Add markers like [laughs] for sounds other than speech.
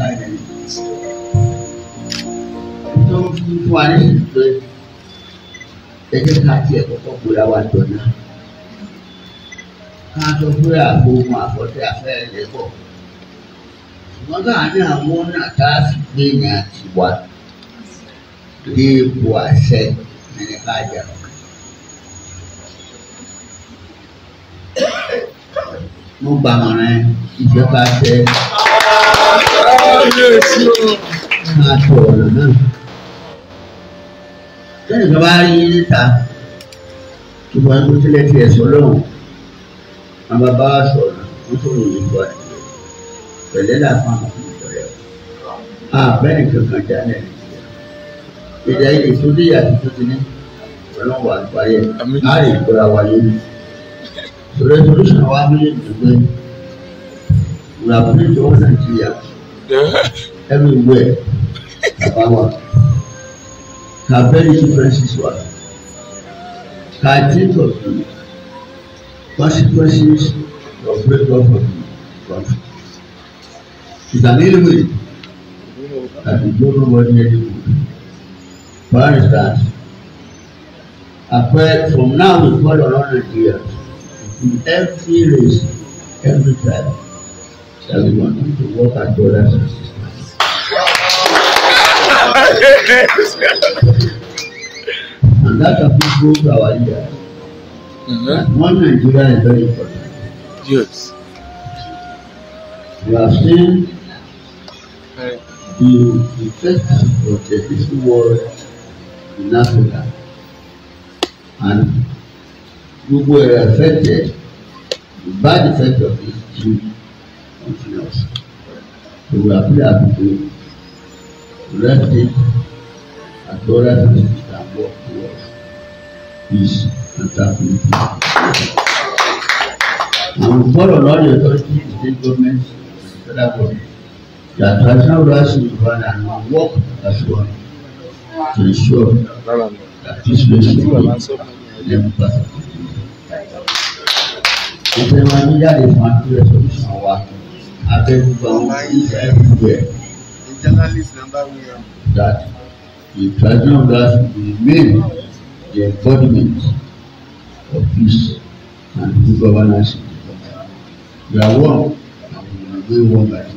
tó ń fún wa ní ìgbẹ́ ẹgbẹ́ ká tiẹ̀ kọ́kọ́ gbóra wa jọ náà ká sọ pé àgbogun àfọ̀tẹ́ afẹ́rẹ́ bọ̀ ṣùgbọ́n káàárín àwọn ọ̀nà tá a fi gbé yẹn mo gbàmọ̀ràn ìjọba tẹ kábíyèsí o. máa tọ ọ̀nà náà lẹ́yìn tó bá rí níta tó bá ń tó sílẹ̀ tiẹ̀ sọ́lọ́run àwọn bàbá sọ̀rọ̀ wọ́n sọ̀rọ̀ nípa ẹ̀ pẹ̀lẹ́ làwọn àwọn ọmọ rẹ̀ àbẹ́ni kankan jálẹ̀ ìjà ilé tó dé àti tó ti ní ọlọ́wọ́ àgbáyé á lè gbọ́ra wa lórí resolution wa mílíọ̀nù tó gbé we are free to [laughs] everywhere bàbá wa ká bẹ́ẹ̀ ní Francis wa ká think of the consequences of break off of the country is an enemy that you don't know what they do for instance apart from now we call on all Nigerians in every race every tribe that to work as brothers and sisters. and that applies both our leaders. Mm-hmm. One Nigeria is very important. Yes. You have seen right. the effect of the peaceful war in Africa and gbogbo were affected by the bad effect of this. to something else. They will appear as to rest it as well as it can work towards peace and tranquility. And we follow all the authorities, the state governments, and federal government. Their traditional rights in Iran and our work as one well, to ensure that this relationship will never pass. Ìjọba ní jáde fún àdúrà sọ́dún sàn wá everywhere, everywhere. The That the tradition that remain the embodiment of peace and good governance. We are one and we will be one by